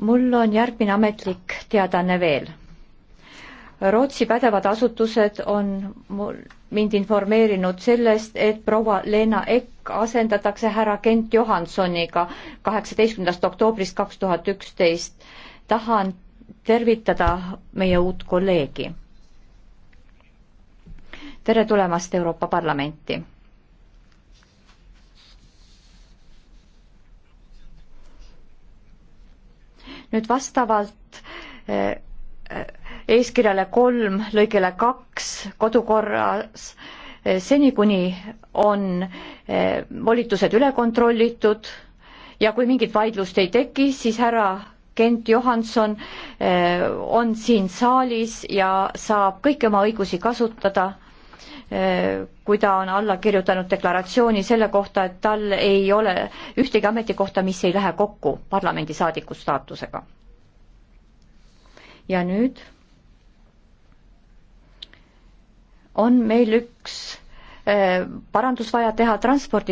mul on järgmine ametlik teadaanne veel. Rootsi pädevad asutused on mul, mind informeerinud sellest, et proua Leena Ekk asendatakse härra Kent Johansoniga kaheksateistkümnendast oktoobrist kaks tuhat üksteist. tahan tervitada meie uut kolleegi. tere tulemast Euroopa Parlamenti nüüd vastavalt eh, eeskirjale kolm lõigele kaks kodukorras eh, seni, kuni on eh, volitused üle kontrollitud ja kui mingit vaidlust ei teki, siis härra Kent Johanson on siin saalis ja saab kõiki oma õigusi kasutada Eh, kui ta on alla kirjutanud deklaratsiooni selle kohta, et tal ei ole ühtegi ametikohta, mis ei lähe kokku parlamendisaadiku staatusega. ja nüüd on meil üks eh, parandus vaja teha transpordi